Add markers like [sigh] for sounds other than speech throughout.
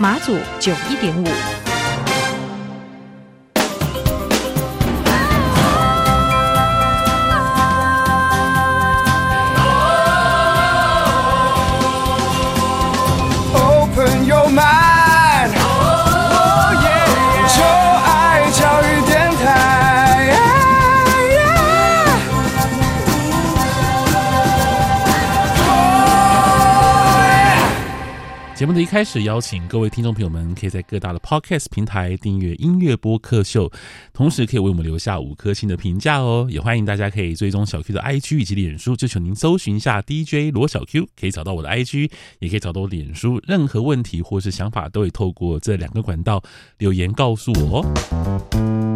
馬祖九一點五。節目的一開始，邀請各位聽眾朋友們，可以在各大的 Podcast 平台訂閱《音樂播客秀》，同時可以為我們留下五顆星的評價哦。也歡迎大家可以追蹤小 Q 的 IG 以及臉書，就請您搜尋一下 DJ 羅小 Q，可以找到我的 IG，也可以找到我臉書。任何問題或是想法，都可以透過這兩個管道留言告訴我哦。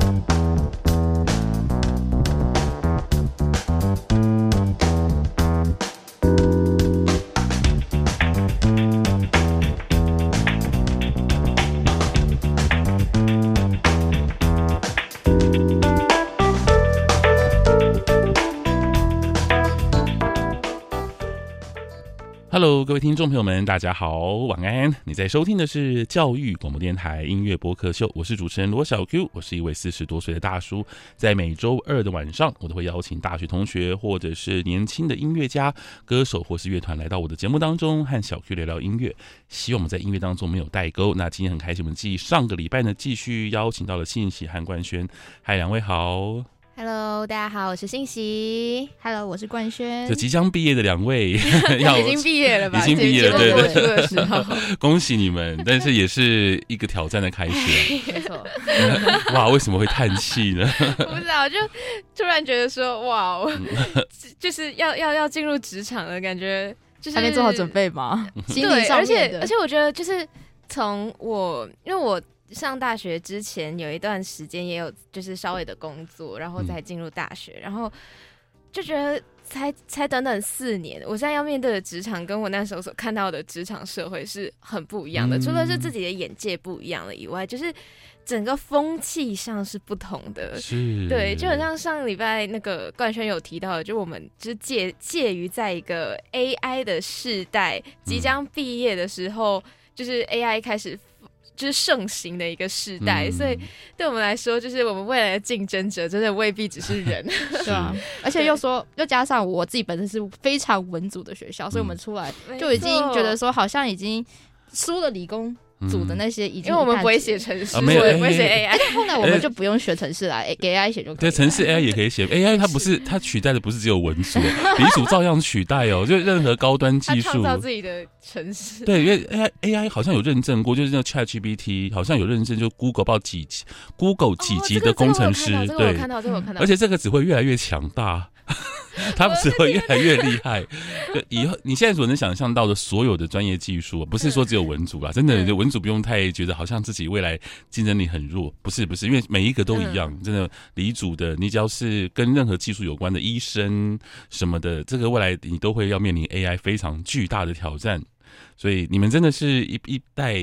Hello，各位聽眾朋友們，大家好，晚安。你在收聽的是教育廣播電台音樂播客秀，我是主持人羅小 Q，我是一位四十多歲的大叔。在每周二的晚上，我都會邀請大學同學或者是年輕的音樂家、歌手或是樂團來到我的節目當中，和小 Q 聊聊音樂。希望我們在音樂當中沒有代溝。那今天很開心，我們繼上個禮拜呢，繼續邀請到了幸惜和冠瑄，嗨，兩位好。Hello，大家好，我是幸惜。Hello，我是冠瑄。這即將畢業的兩位，已經畢業了吧？已經畢業了，對對對。恭喜你們，但是也是一個挑戰的開始。沒錯。哇，為什麼會嘆氣呢？不知道，就突然覺得說，哇，就是要要要進入職場了，感覺就是還沒做好準備嗎？對，而且而且，我覺得就是從我，因為我。上大學之前有一段時間也有就是稍微的工作，然後再進入大學，嗯、然後就覺得才才短短四年，我現在要面對的職場跟我那時候所看到的職場社會是很不一樣的，嗯、除了是自己的眼界不一樣了以外，就是整個風氣上是不同的。是，對，就好像上禮拜那個冠瑄有提到的，就我們就是介介於在一個 AI 的世代即將畢業的時候，嗯、就是 AI 開始。就是盛行的一個時代，嗯、所以對我們來說，就是我們未來的競爭者真的未必只是人，是啊。而且又說，對又加上我自己本身是非常文組的學校，嗯、所以我們出來就已經覺得說，好像已經輸了理工錯組的那些，因為我們不會寫程式，不會寫 AI，後來我們就不用學程式了，給 AI 寫就可以。對，程式 AI 也可以寫 AI，它不是它取代的，不是只有文組，理組照樣取代哦，就任何高端技術。創造自己的程式。對，因為 AI 好像有認證過，就是叫 ChatGPT，好像有認證，就 Google 報幾級，Google 幾級的工程師。對，看到，這我看到，而且這個只會越來越強大，它只會越來越厲害。對，以後，你現在所能想象到的所有的專業技術，不是說只有文組吧？真的，文組不用太覺得好像自己未來競爭力很弱。不是，不是，因為每一個都一樣，真的。理組的，你只要是跟任何技術有關的醫生什麼的，這個未來你都會要面臨 AI 非常巨大的挑戰。所以你們真的是一一代，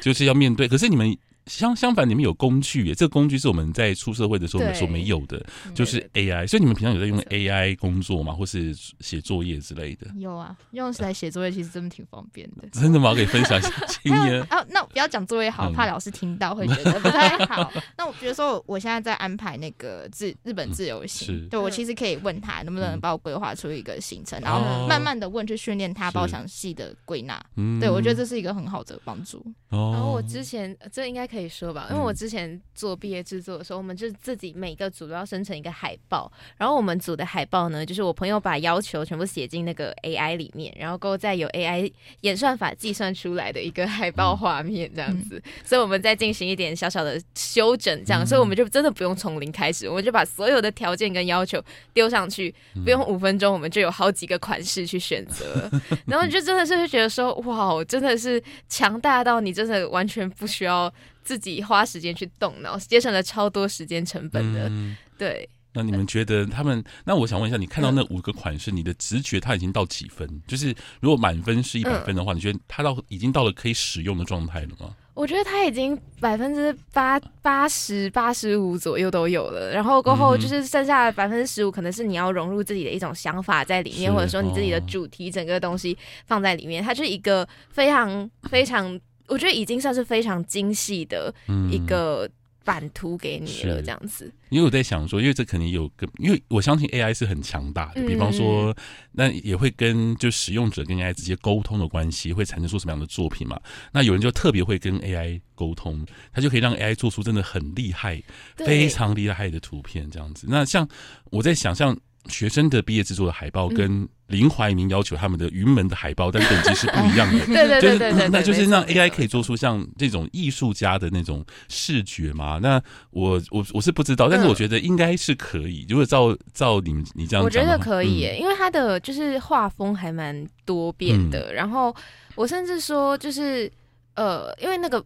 就是要面對。可是你們。相相反，你們有工具耶，這個工具是我們在出社會的時候所沒有的，就是 AI。所以你們平常有在用 AI 工作嗎，或是寫作業之類的？有啊，用來寫作業其實真的挺方便的。真的嗎？可以分享一下經驗啊。那不要講作業好，怕老師聽到會覺得不太好。那我比如說，我現在在安排那個自日本自由行，對我其實可以問他能不能幫我規劃出一個行程，然後慢慢的問去訓練他，幫我詳細的歸納。對我覺得這是一個很好的幫助。然後我之前這應該。可以說吧，因為我之前做畢業制作的時候，嗯、我們就自己每個組都要生成一個海報。然後我們組的海報呢，就是我朋友把要求全部寫進那個 AI 裡面，然後夠再有 AI 演算法計算出來的一個海報畫面這樣子。嗯、所以我們再進行一點小小的修整，這樣，嗯、所以我們就真的不用從零開始，我們就把所有的條件跟要求丟上去，不用五分鐘，我們就有好幾個款式去選擇。嗯、然後你就真的是會覺得說，哇，真的是強大到你真的完全不需要。自己花時間去動腦，節省了超多時間成本的。嗯、對，那你們覺得他們？那我想問一下，你看到那五個款式，嗯、你的直覺它已經到幾分？就是如果滿分是一百分的話，嗯、你覺得它到已經到了可以使用的狀態了嗎？我覺得它已經百分之八八十八十五左右都有了，然後過後就是剩下的百分之十五，可能是你要融入自己的一種想法在裡面，嗯、或者說你自己的主題整個東西放在裡面，是嗎？它就是一個非常非常。我覺得已經算是非常精細的一個版圖給你了，這樣子，嗯。因為我在想說，因為這可能有個，因為我相信 AI 是很強大的。比方說，那、嗯、也會跟就使用者跟 AI 直接溝通的關係，會產生出什麼樣的作品嘛？那有人就特別會跟 AI 溝通，他就可以讓 AI 做出真的很厲害，對非常厲害的圖片這樣子。那像我在想象。學生的畢業制作的海報跟林懷民要求他們的雲門的海報，但等級是不一樣的。對對對，那就是讓 AI 可以做出像這種藝術家的那種視覺嘛？那我我我是不知道，嗯、但是我覺得應該是可以。如果照照你們你這樣講我覺得可以、欸，嗯、因為他的就是畫風還蠻多變的。嗯、然後我甚至說，就是呃，因為那個。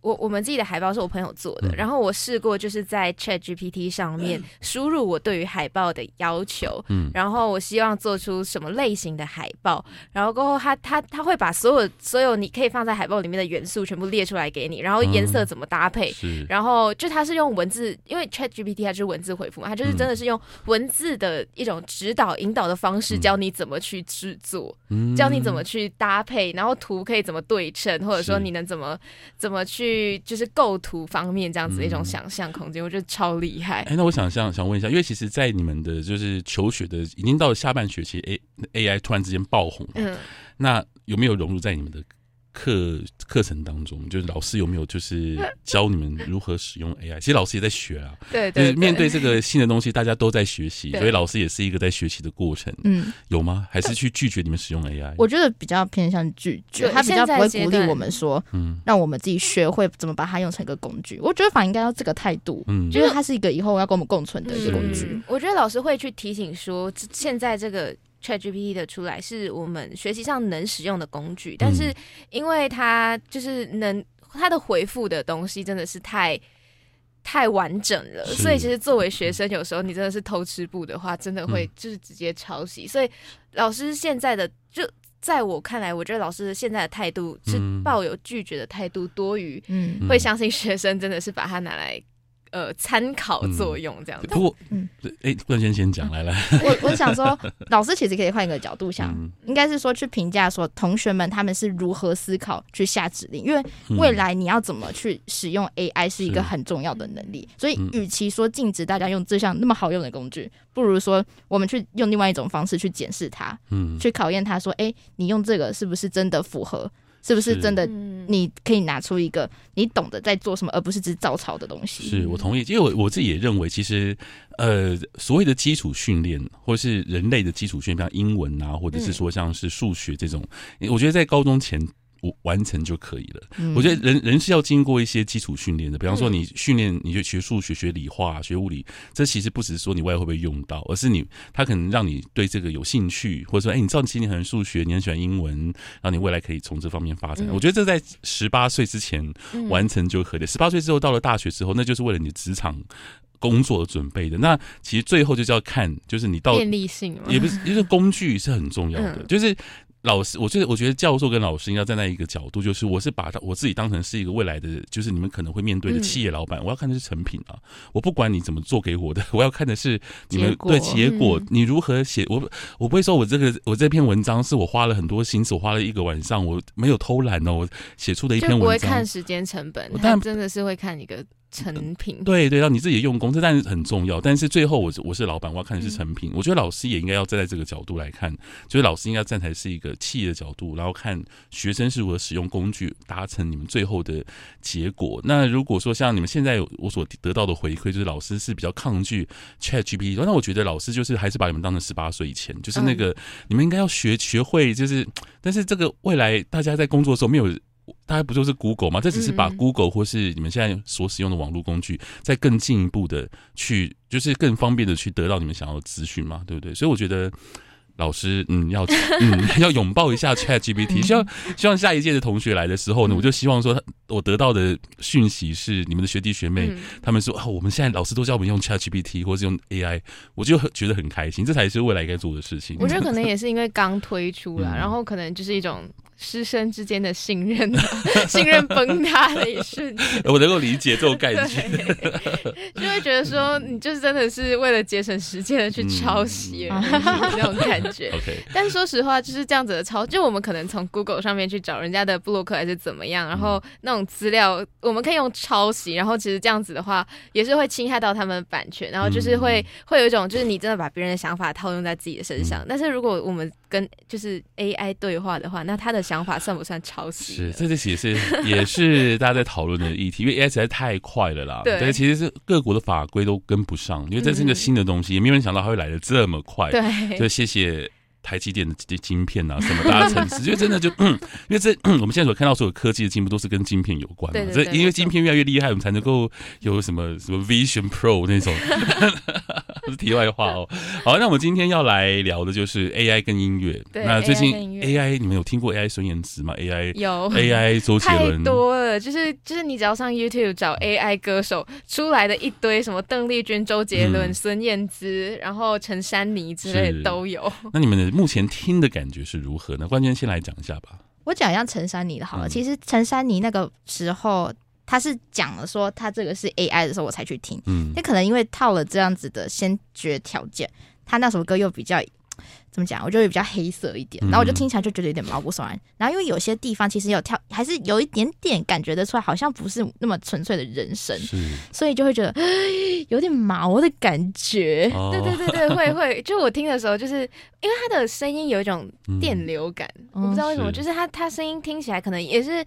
我我們自己的海報是我朋友做的，嗯、然後我試過就是在 Chat GPT 上面輸入我對於海報的要求，嗯、然後我希望做出什麼類型的海報，然後過後他他他會把所有所有你可以放在海報裡面的元素全部列出來給你，然後顏色怎麼搭配，嗯、然後就他是用文字，因為 Chat GPT 它就是文字回復嘛，它就是真的是用文字的一種指導引導的方式教你怎麼去制作，嗯、教你怎麼去搭配，然後圖可以怎麼對稱，或者說你能怎麼是怎麼去。去就是構圖方面這樣子的一種想象空間，嗯，我覺得超厲害。哎、欸，那我想想想問一下，因為其實，在你們的就是求學的，已經到了下半學期，A、AI 突然之間爆紅了，嗯，那有沒有融入在你們的？課課程當中，就是老師有沒有就是教你們如何使用 AI？ [laughs] 其實老師也在學啊，對，對，對，對，面對這個新的東西，大家都在學習，對對對，所以老師也是一個在學習的過程。嗯對，有嗎？還是去拒絕你們使用 AI？我覺得比較偏向拒絕，對他比較不會鼓勵我們說，嗯，讓我們自己學會怎麼把它用成一個工具。我覺得反而應該要這個態度，嗯，就是它是一個以後要跟我們共存的一個工具。是我覺得老師會去提醒說，現在這個。ChatGPT 的出來是我們學習上能使用的工具，但是因為它就是能，它的回復的東西真的是太太完整了，是所以其實作為學生，有時候你真的是偷吃步的話，真的會就是直接抄襲。嗯、所以老師現在的就在我看來，我覺得老師現在的態度是抱有拒絕的態度多於，嗯、會相信學生真的是把它拿來。呃，參考作用這樣子。不過，嗯，哎，我，不然、嗯、欸、先生先講來、嗯、來。我我想說， [laughs] 老師其實可以換一個角度想，嗯、應該是說去評價說同學們他們是如何思考去下指令，因為未來你要怎麼去使用 AI 是一個很重要的能力。是所以，與其說禁止大家用這項那麼好用的工具，不如說我們去用另外一種方式去檢視它，嗯，去考驗它說，哎、欸，你用這個是不是真的符合？是不是真的？你可以拿出一個你懂得在做什麼，而不是只是照抄的東西。是我同意，因為我我自己也認為，其實，呃，所謂的基礎訓練，或是人類的基礎訓練，像英文啊，或者是說像是數學這種，嗯、我覺得在高中前。完成就可以了。嗯、我覺得人人是要經過一些基礎訓練的，比方說你訓練，你就學數學、學理化、學物理，這其實不只是說你未來會不會用到，而是你他可能讓你對這個有興趣，或者說，哎、欸，你知道你今年很數學，你很喜歡英文，然後你未來可以從這方面發展。嗯、我覺得這在十八歲之前完成就可以了。十八歲之後到了大學之後，那就是為了你的職場工作而準備的。那其實最後就是要看，就是你到便利性也不是，因、就、為、是、工具是很重要的，嗯、就是。老師，我覺得我覺得教授跟老師應該站在一個角度，就是我是把他我自己當成是一個未來的，就是你們可能會面對的企業老闆，嗯、我要看的是成品啊，我不管你怎麼做給我的，我要看的是你們對結果，結果你如何寫、嗯、我，我不會說我這個我這篇文章是我花了很多心思，我花了一個晚上，我沒有偷懶哦，我寫出的一篇文章不會看時間成本，但真的是會看一個。成品對、嗯、對，然後你自己用工這但是很重要。但是最後，我我是老闆，我要看的是成品。嗯、我覺得老師也應該要站在這個角度來看，就是老師應該要站在是一個企業的角度，然後看學生是如何使用工具達成你們最後的結果。那如果說像你們現在我所得到的回饋，就是老師是比較抗拒 ChatGPT，那我覺得老師就是還是把你們當成十八歲以前，就是那個、嗯、你們應該要學學會，就是但是這個未來大家在工作的時候沒有。大家不就是 Google 嗎？這只是把 Google 或是你們現在所使用的網絡工具，再更進一步的去，就是更方便的去得到你們想要的資訊嘛，對不對？所以我覺得老師，嗯，要嗯 [laughs] 要擁抱一下 ChatGPT。希望希望下一屆的同學來的時候呢，我就希望說，我得到的訊息是，你們的學弟學妹、嗯、他們說啊、哦，我們現在老師都教我們用 ChatGPT 或者用 AI，我就很覺得很開心，這才是未來該做的事情。我覺得可能也是因為剛推出了， [laughs] 嗯、然後可能就是一種。師生之間的信任信任崩塌的一瞬， [laughs] 我能夠理解這種感覺，就會覺得說，你就是真的是為了節省時間的去抄襲，嗯啊、 [laughs] 那種感覺。 [laughs] Okay. 但說實話，就是這樣子的抄，就我們可能從 Google 上面去找人家的部落格還是怎麼樣，嗯、然後那種資料我們可以用抄襲，然後其實這樣子的話也是會侵害到他們的版權，然後就是會會有一種就是你真的把別人的想法套用在自己的身上。嗯、但是如果我們。跟就是 AI 對話的話，那他的想法算不算抄襲？是，這些也是也是大家在討論的議題， [laughs] 因為 AI 實在太快了啦。對，對，其實是各國的法規都跟不上，因為這是一個新的東西，嗯、也沒有人想到它會來的這麼快。對，就謝謝台積電的晶片啊，什麼大城市，就真的就 [laughs] 因為這我們現在所看到的所有科技的進步都是跟晶片有關的。對，對，對，對，對，因為晶片越來越厲害，我們才能夠有什麼什麼 Vision Pro 那種。 [laughs] [laughs] 是題外話哦，好，那我們今天要來聊的就是 AI 跟音樂。對，那最近 AI，你們有聽過 AI 孫燕姿嗎？AI 有，AI 周杰倫。太多了，就是就是你只要上 YouTube 找 AI 歌手、嗯、出來的一堆，什麼鄧麗君、周杰倫、孫燕姿，然後陳珊妮之類的都有。那你們目前聽的感覺是如何呢？那冠瑄先來講一下吧。我講一下陳珊妮的好了。嗯、其實陳珊妮那個時候。他是講了說他這個是 AI 的時候，我才去聽，嗯，但可能因為套了這樣子的先決條件，他那首歌又比較怎麼講，我就會比較黑色一點，然後我就聽起來就覺得有點毛骨悚然。嗯、然後因為有些地方其實有跳，還是有一點點感覺得出來，好像不是那麼純粹的人生，是所以就會覺得有點毛的感覺。對、哦、對對對，會會，就我聽的時候就是因為他的聲音有一種電流感，嗯哦、我不知道為什麼，是就是他他聲音聽起來可能也是。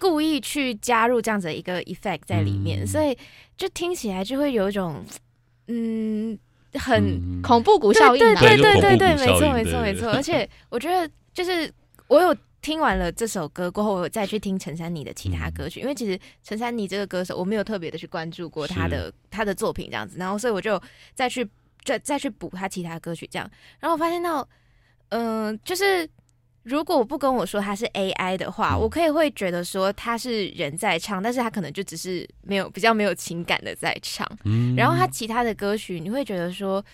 故意去加入這樣子的一個 effect 在裡面，嗯、所以就聽起來就會有一種，嗯，很恐怖谷效應、嗯嗯。對對對對對，對沒錯錯沒錯錯沒錯。而且我覺得，就是我有聽完了這首歌過後，我再去聽陳珊妮的其他歌曲，嗯、因為其實陳珊妮這個歌手，我沒有特別的去關注過她的她是的作品這樣子，然後所以我就再去再再去補她其他歌曲這樣，然後我發現到，嗯、呃，就是。如果我不跟我說他是 AI 的話，我可以會覺得說他是人在唱，嗯、但是他可能就只是沒有比較沒有情感的在唱。嗯、然後他其他的歌曲，你會覺得說，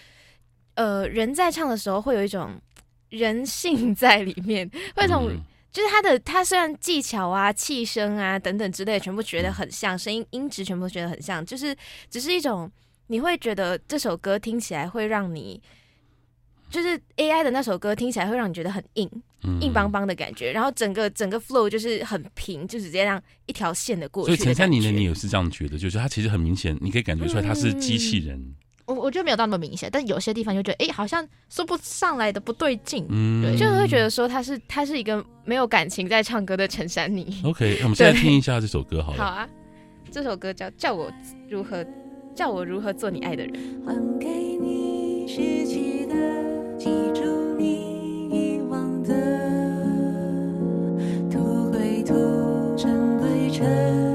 呃，人在唱的時候會有一種人性在裡面，會從、嗯、就是他的他雖然技巧啊、氣聲啊等等之類的，全部覺得很像，嗯、聲音音質全部覺得很像，就是只是一種你會覺得這首歌聽起來會讓你。就是 A I 的那首歌聽起來會讓你覺得很硬，嗯、硬邦邦的感覺，然後整個整個 flow 就是很平，就直接讓一條線的過去的。所以陳珊妮呢，你也是這樣覺得？就是他其實很明顯，你可以感覺出來他是機器人。嗯、我我覺得沒有那麼明顯，但有些地方就覺得，哎、欸，好像說不上來的不對勁，嗯對，就會覺得說他是他是一個沒有感情在唱歌的陳珊妮。OK，那、啊、我們現在聽一下這首歌好了。 [laughs] 好啊，這首歌叫《叫我如何叫我如何做你愛的人》。記住你遺忘的土歸土，塵歸塵。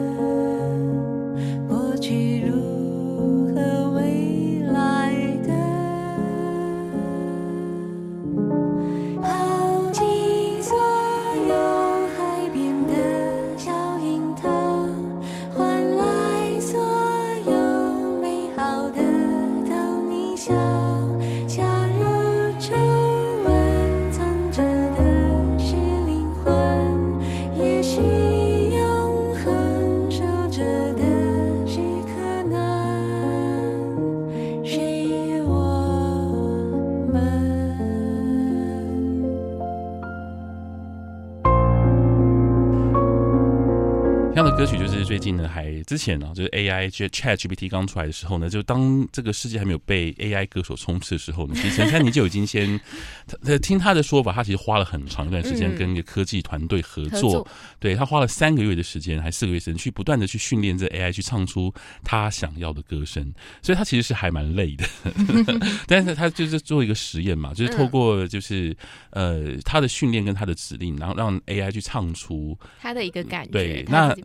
還之前呢、啊，就是 AI 就 Ch ChatGPT 剛出來的時候呢，就當這個世界還沒有被 AI 歌手充斥的時候呢，其實陳珊妮就已經先 [laughs] 他聽他的說法，他其實花了很長一段時間跟一個科技團隊合作，嗯、合作對，他花了三個月的時間，還是四個月時間去不斷的去訓練這 AI 去唱出他想要的歌聲，所以他其實是還蠻累的，呵呵 [laughs] 但是他就是做一個實驗嘛，就是透過就是呃他的訓練跟他的指令，然後讓 AI 去唱出他的一個感覺。對，那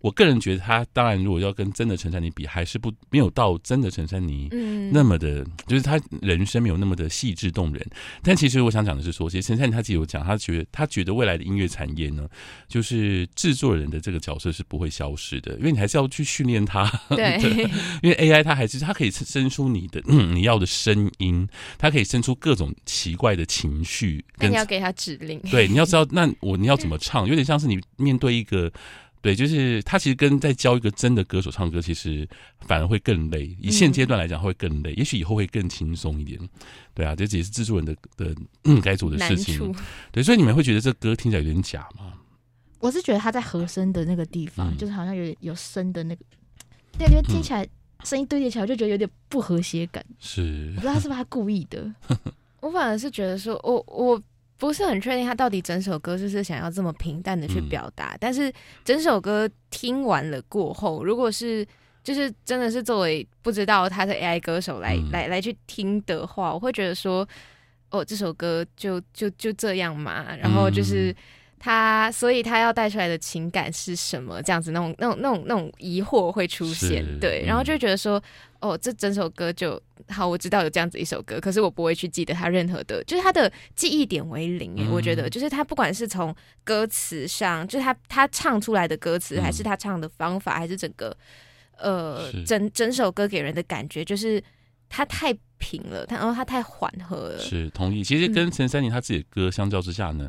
我個人覺得他。當然，如果要跟真的陳珊妮比，還是不沒有到真的陳珊妮那麼的，嗯、就是他人生沒有那麼的細緻動人。但其實我想講的是說，其實陳珊妮他自己有講，他覺得他覺得未來的音樂產業呢，就是制作人的這個角色是不會消失的，因為你還是要去訓練他。對，因為 AI 它還是它可以生出你的、嗯、你要的聲音，它可以生出各種奇怪的情緒，跟你要給他指令。對，你要知道，那我你要怎麼唱，有點像是你面對一個。對，就是他其實跟在教一個真的歌手唱歌，其實反而會更累。以現階段來講，會更累，嗯、也許以後會更輕鬆一點。對啊，這也是制作人的的、嗯、該做的事情。難處。對，所以你們會覺得這歌聽起來有點假嗎？我是覺得他在和聲的那個地方，嗯、就是好像有點有聲的那個那地、啊嗯、聽起來聲音堆疊起來，我就覺得有點不和諧感。是，我不知道他是不是他故意的。呵呵我反而是覺得說，我我。不是很確定他到底整首歌就是，是想要這麼平淡的去表達，嗯、但是整首歌聽完了過後，如果是就是真的是作為不知道他是 AI 歌手來、嗯、來來去聽的話，我會覺得說，哦，這首歌就就就這樣嘛，然後就是。嗯他，所以他要帶出來的情感是什麼？這樣子那種，那種、那種、那種、那種疑惑會出現，是對，然後就會覺得說，嗯、哦，這整首歌就，好，我知道有這樣子一首歌，可是我不會去記得他任何的，就是他的記憶點為零、嗯。我覺得，就是他不管是從歌詞上，就是他他唱出來的歌詞，還是他唱的方法，嗯、還是整個，呃，是整整首歌給人的感覺，就是。他太平了，他然後他太緩和了。是，同意。其實跟陳珊妮他自己的歌相較之下呢，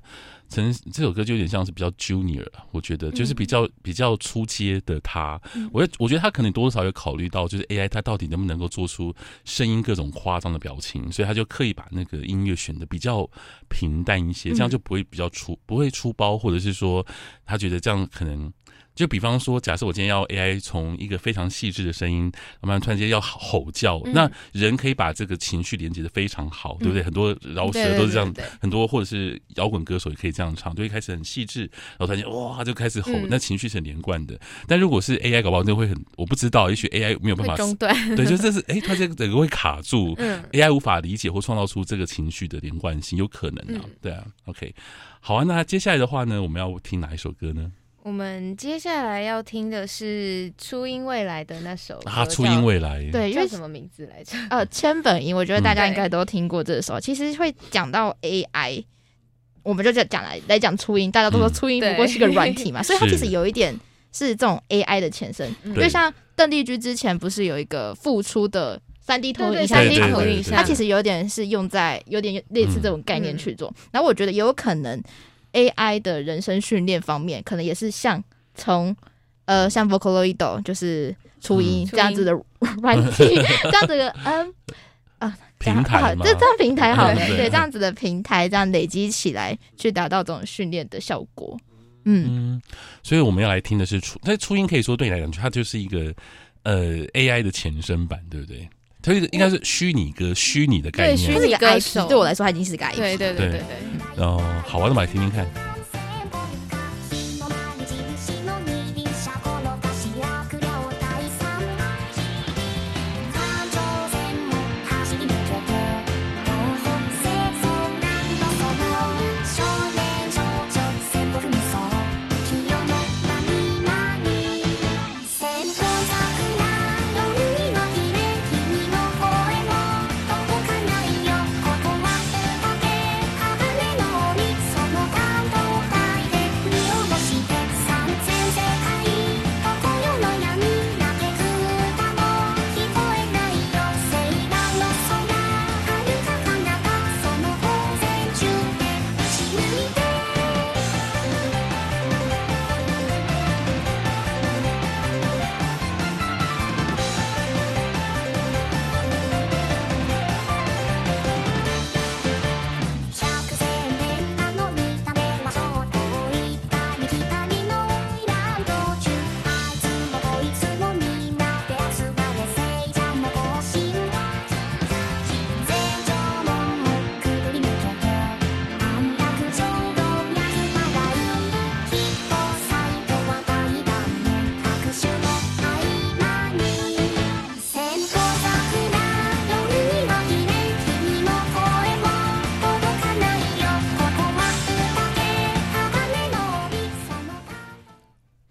陳、嗯、這首歌就有點像是比較 junior，我覺得就是比較、嗯、比較初階的他。我我覺得他可能多多少有考慮到，就是 AI 它到底能不能夠做出聲音各種誇張的表情，所以他就刻意把那個音樂選的比較平淡一些，這樣就不會比較出不會出包，或者是說他覺得這樣可能。就比方說，假設我今天要 AI 從一個非常細緻的聲音，慢慢突然間要吼叫，嗯、那人可以把這個情緒連結的非常好，對不對？嗯、很多饒舌都是這樣，嗯、對對對對很多或者是搖滾歌手也可以這樣唱，就一開始很細緻，然後突然間哇他就開始吼，嗯、那情緒是很連貫的。但如果是 AI 搞不好就會很，我不知道，也許 AI 沒有辦法中斷，對，就是、這是哎，它、欸、這整個會卡住、嗯、，AI 無法理解或創造出這個情緒的連貫性，有可能啊，對啊，OK，好啊，那接下來的話呢，我們要聽哪一首歌呢？我們接下來要聽的是初音未來的那首歌。歌初音未來。對，叫什麼名字來着？呃，千本櫻。我覺得大家應該都聽過這首。嗯、其實會講到 AI，我們就講講來來講初音，大家都說初音不過是個軟體嘛，嗯、所以它其實有一點是這種 AI 的前身。嗯、就像鄧麗君之前不是有一個復出的三 D 投影？三 D 投影，它其實有點是用在有點類似這種概念去做。嗯嗯、然後我覺得有可能。AI 的人生訓練方面，可能也是像從呃，像 Vocaloid 就是初音這樣子的軟件，嗯、 [laughs] 這樣子的嗯啊平台，這這樣平台好、嗯，對，這樣子的平台這樣累積起來，去達到這種訓練的效果。嗯，所以我們要來聽的是初，那初音可以說對你來講，它就是一個呃 AI 的前身版，對不對？所以應該是虛擬歌，虛擬的概念、啊。對，虛擬歌手對我來說他已經是個 IP。對對對對對。然後、呃，好玩的嘛，的，買聽聽看。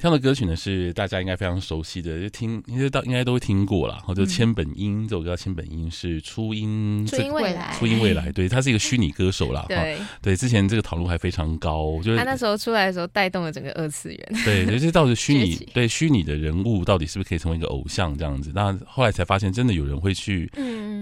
這樣的歌曲呢，是大家應該非常熟悉的，就聽，因應該都，都會聽過了。然後、嗯、就《千本櫻》這首歌，叫《千本櫻》，是初音，初音未來，初音未來，對，他是一個虛擬歌手了。 [laughs] 對對，之前這個討論還非常高，就是他那時候出來的時候，帶動了整個二次元。對，就是到底虛擬，起對虛擬的人物到底是不是可以成為一個偶像這樣子？那後來才發現，真的有人會去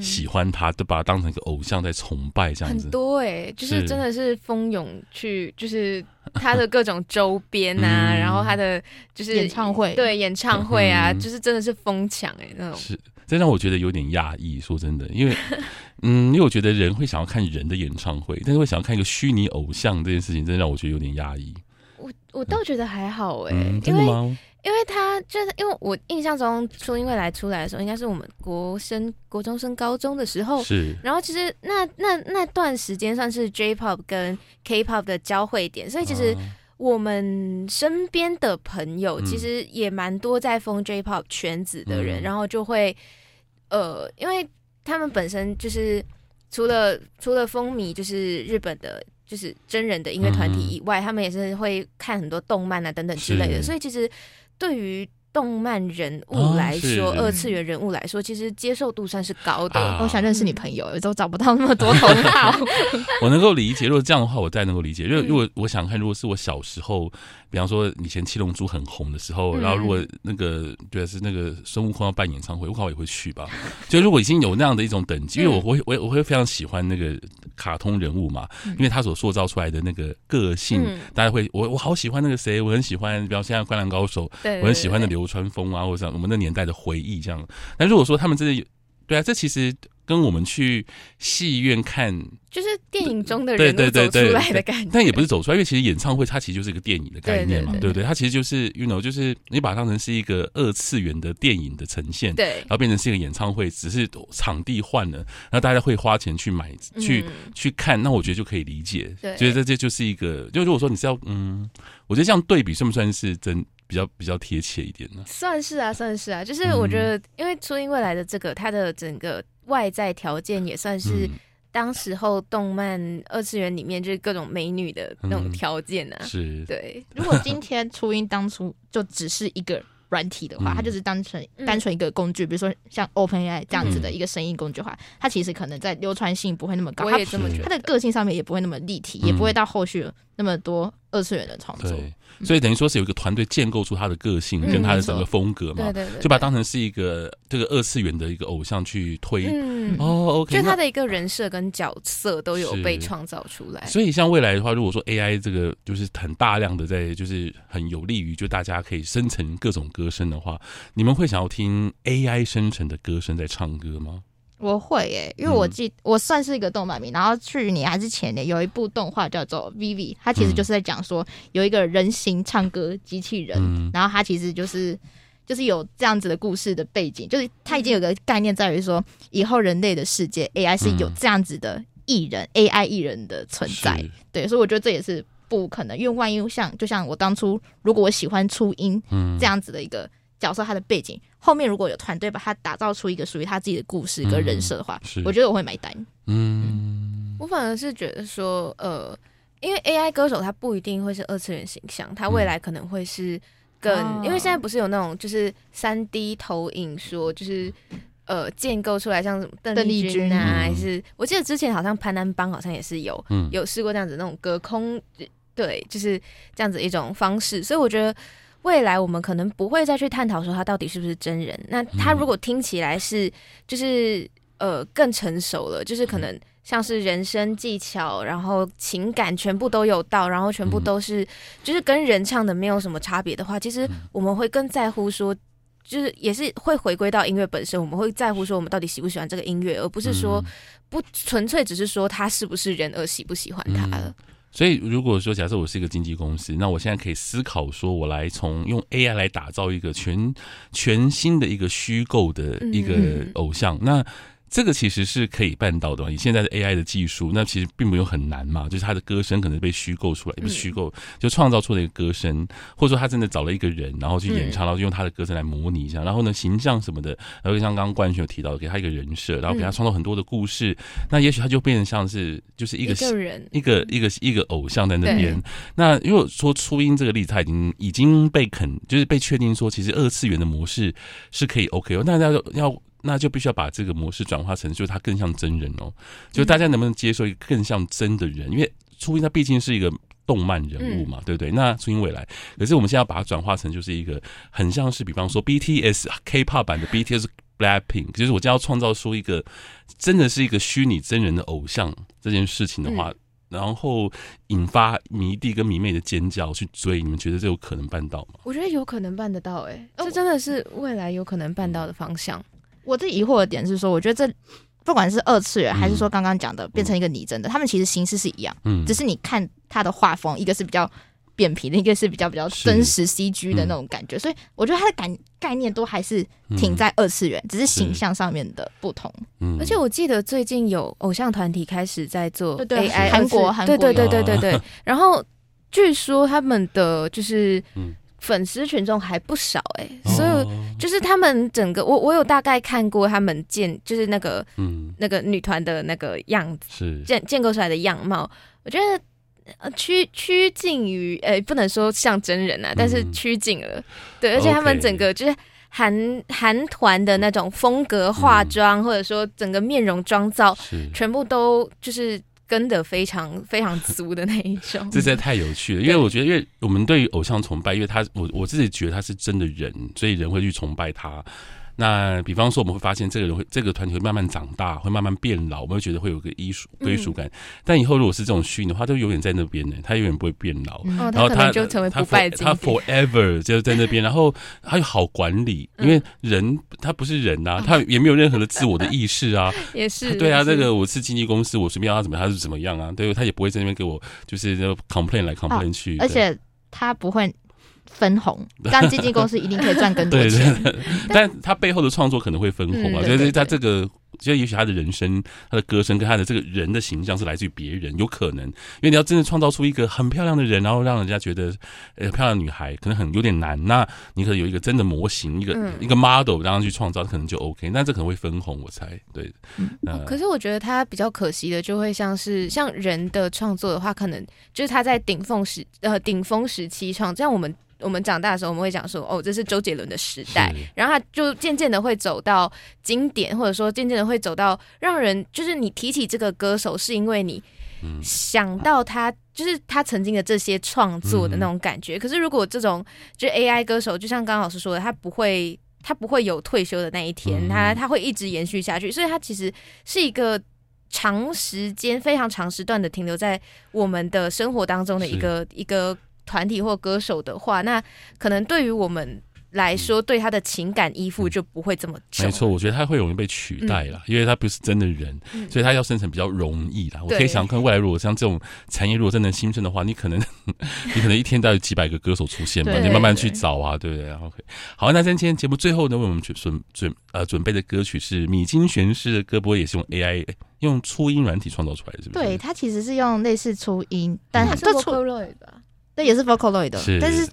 喜歡他，就、嗯、把他當成一個偶像在崇拜這樣子。很多、欸、就是真的是蜂擁去，就是。他的各種周邊啊，嗯、然後他的就是演唱會，對演唱會啊，嗯、就是真的是瘋搶哎，那種是，這讓我覺得有點壓抑。說真的，因為， [laughs] 嗯，因為我覺得人會想要看人的演唱會，但是會想要看一個虛擬偶像這件事情，真的讓我覺得有點壓抑。我我倒覺得還好哎、欸嗯，真的嗎？因為因為他就是因為我印象中初音未來出來的時候，應該是我們國升國中升高中的時候，是。然後其實那那那段時間算是 J-pop 跟 K-pop 的交匯點，所以其實我們身邊的朋友其實也蠻多在封 J-pop 圈子的人，嗯嗯、然後就會，呃，因為他們本身就是除了除了風靡就是日本的，就是真人的音樂團體以外，嗯、他們也是會看很多動漫啊等等之類的，是所以其實。對於。動漫人物來說，哦、二次元人物來說，其實接受度算是高的。我、啊哦、想認識你朋友，嗯、都找不到那麼多頭套。 [laughs] 我能夠理解，如果這樣的話，我再能夠理解。因為如果、嗯、我想看，如果是我小時候，比方說以前《七龍珠》很紅的時候，嗯、然後如果那個對是那個孫悟空要辦演唱會，我可能也會去吧。嗯、就如果已經有那樣的一種等級，因為我會我我我會非常喜歡那個卡通人物嘛，因為他所塑造出來的那個個性，嗯、大家會我我好喜歡那個誰，我很喜歡，比方現在《灌籃高手》對對對，我很喜歡的劉。穿風啊，或者我們那年代的回憶，這樣。那如果說他們真的有，對啊，這其實跟我們去戲院看，就是電影中的人走出來的感覺。對對對對，但也不是走出來，因為其實演唱會它其實就是一個電影的概念嘛，對不對，對，對，對，對？它其實就是，you know，就是你把它當成是一個二次元的電影的呈現，對，然後變成是一個演唱會，只是場地換了，然後大家會花錢去買去、嗯、去看，那我覺得就可以理解。覺得這這就是一個，就如果說你是要，嗯，我覺得這樣對比算不算是真？比較比較貼切一點呢？算是啊，算是啊，就是我覺得，嗯、因為初音未來的這個，它的整個外在條件也算是當時候動漫二次元裡面就是各種美女的那種條件啊，嗯、是對。如果今天初音當初就只是一個軟體的話，嗯、它就是單純、嗯、單純一個工具，比如說像 OpenAI 這樣子的一個聲音工具的話，嗯、它其實可能在流傳性不會那麼高，我也這麼覺得。它的它的個性上面也不會那麼立體，嗯、也不會到後續。那麼多二次元的創作，對，所以等於說是有一個團隊建構出他的個性跟他的整個風格嘛，嗯、對對對對，就把當成是一個這個二次元的一個偶像去推哦、嗯 Oh, OK，就他的一個人設跟角色都有被創造出來。所以，像未來的話，如果說 AI 這個就是很大量的在，就是很有利於就大家可以生成各種歌聲的話，你們會想要聽 AI 生成的歌聲在唱歌嗎？我會耶、欸，因為我記、嗯、我算是一個動漫迷，然後去年還是前年有一部動畫叫做《Vivi》，它其實就是在講說有一個人形唱歌機器人，嗯、然後它其實就是就是有這樣子的故事的背景，就是它已經有個概念在於說以後人類的世界 AI 是有這樣子的藝人、嗯、AI 藝人的存在，是對，所以我覺得這也是不可能，因為萬一像就像我當初如果我喜歡初音、嗯、這樣子的一個。角色，他的背景後面如果有團隊把他打造出一個屬於他自己的故事跟人設的話，嗯、我覺得我會買單。嗯，我反而是覺得說，呃，因為 AI 歌手他不一定會是二次元形象，他未來可能會是跟、嗯、因為現在不是有那種就是三 D 投影說，說就是呃建構出來像鄧麗君啊，嗯、還是我記得之前好像潘安邦好像也是有、嗯、有試過這樣子那種隔空對，就是這樣子一種方式，所以我覺得。未來我們可能不會再去探討說他到底是不是真人。那他如果聽起來是，就是呃更成熟了，就是可能像是人聲技巧，然後情感全部都有到，然後全部都是就是跟人唱的沒有什麼差別的話，其實我們會更在乎說，就是也是會回歸到音樂本身，我們會在乎說我們到底喜不喜歡這個音樂，而不是說不純粹只是說他是不是人而喜不喜歡他了。所以，如果說假設我是一個經紀公司，那我現在可以思考說，我來從用 AI 來打造一個全全新的一個虛構的一個偶像，嗯嗯那。這個其實是可以辦到的，以現在的 AI 的技術，那其實並沒有很難嘛。就是他的歌聲可能被虛構出來，也、嗯、不是虛構，就創造出了一個歌聲，或者說他真的找了一個人，然後去演唱，然後用他的歌聲來模擬一下。嗯、然後呢，形象什麼的，然後像剛剛冠瑄有提到的，給他一個人設，然後給他創造很多的故事。嗯、那也許他就變得像是就是一個一個一個一個一個偶像在那邊。對那如果說初音這個例子，他已經已經被肯，就是被確定說，其實二次元的模式是可以 OK、哦。那要要。那就必須要把這個模式轉化成，就是它更像真人哦，就大家能不能接受一個更像真的人？嗯、因為初音它畢竟是一個動漫人物嘛，嗯、對不對？那初音未來，可是我們現在要把它轉化成，就是一個很像是，比方說 BTS K-pop 版的 BTS Blackpink，就是我將要創造出一個真的是一個虛擬真人的偶像這件事情的話，嗯、然後引發迷弟跟迷妹的尖叫去追，你們覺得這有可能辦到嗎？我覺得有可能辦得到、欸，哎，這真的是未來有可能辦到的方向。我最疑惑的點是說，我覺得這不管是二次元，還是說剛剛講的變成一個擬真的，嗯嗯、他們其實形式是一樣，嗯，只是你看他的畫風，一個是比較扁平的，一個是比較比較真實 CG 的那種感覺，嗯、所以我覺得他的感概念都還是停在二次元，嗯、只是形象上面的不同。嗯，而且我記得最近有偶像團體開始在做 AI，韓國韓國，對對對對對對， [laughs] 然後據說他們的就是嗯。粉絲群眾還不少哎、欸，哦、所以就是他們整個，我我有大概看過他們建，就是那個、嗯、那個女團的那個樣子，建建構出來的樣貌，我覺得呃趨趨近於、欸，不能說像真人啊，但是趨近了，嗯、對，而且他們整個就是韓韓團的那種風格化妝，嗯、或者說整個面容妝造，是全部都就是。跟的非常非常足的那一種， [laughs] 這實在太有趣了。因為我覺得，因為我們對於偶像崇拜，因為他，我我自己覺得他是真的人，所以人會去崇拜他。那比方說，我們會發現這個人會，這個團體會慢慢長大，會慢慢變老，我們會覺得會有個依屬歸屬感。嗯、但以後如果是這種虛擬的話，他就永遠在那邊呢、欸，他永遠不會變老。嗯、然後他、哦、他就成為不敗。他 For, forever 就在那邊， [laughs] 然後他又好管理，因為人他不是人吶、啊，嗯、他也沒有任何的自我的意識啊。哦、啊也是。對啊，這個我是經紀公司，我隨便要他怎麼，他是怎麼樣啊？對，他也不會在那邊給我就是 complain 來 complain、啊、去。而且他不會。分紅，但經紀公司一定可以賺更多錢 [laughs] 對對對。但他背後的創作可能會分紅啊，嗯、對對對，所以他這個。就以也許他的人生、他的歌聲跟他的這個人的形象是來自於別人，有可能，因為你要真的創造出一個很漂亮的人，然後讓人家覺得，呃，漂亮女孩可能很有點難。那你可能有一個真的模型，一個、嗯、一個 model，然後去創造，可能就 OK。那這可能會分紅，我猜，對。那可是我覺得他比較可惜的，就會像是像人的創作的話，可能就是他在頂峰時，呃，頂峰時期創。這樣我們我們長大的時候，我們會講說，哦，這是周杰倫的時代。是然後他就漸漸的會走到經典，或者說漸漸的。會走到讓人就是你提起這個歌手，是因為你想到他，嗯、就是他曾經的這些創作的那種感覺。嗯、可是如果這種就 AI 歌手，就像剛剛老師說的，他不會，他不會有退休的那一天，嗯、他他會一直延續下去。所以，他其實是一個長時間、非常長時段的停留在我們的生活當中的一個是一個團體或歌手的話，那可能對於我們。來說，對他的情感依附就不會這麼強。沒錯，我覺得他會容易被取代了，因為他不是真的人，所以他要生成比較容易啦。我可以想看未來，如果像這種產業如果真的興盛的話，你可能你可能一天都有幾百個歌手出現吧，你慢慢去找啊，對不對？OK，好，那在今天節目最後呢，為我們準準呃準備的歌曲是米津玄師的歌，不過也是用 AI 用初音軟體創造出來的，是不是？對，它其實是用類似初音，但它是 Vocaloid 的，對，也是 Vocaloid 的，但是。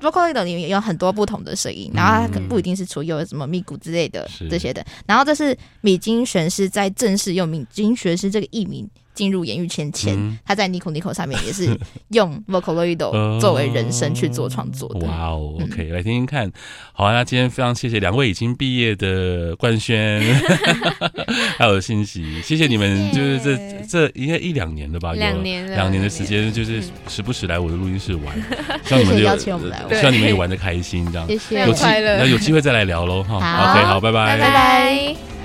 VOCALOID 裡面也有很多不同的聲音，嗯、然後它不一定是除了有什麼咪咕之類的是這些的，然後這是米津玄師在正式用米津玄師這個藝名。進入演藝圈前，他在 Nico Nico 上面也是用 Vocaloid 作為人聲去做創作的。哇哦，OK，來聽聽看。好，啊，那今天非常謝謝兩位已經畢業的冠瑄還有幸惜謝謝你們，就是這這應該一兩年了吧？兩年，兩年的時間，就是時不時來我的錄音室玩，希望你們玩，希望你們也玩的開心，這樣。謝謝，有機會再來聊嘍，好 OK，好，拜拜，拜拜。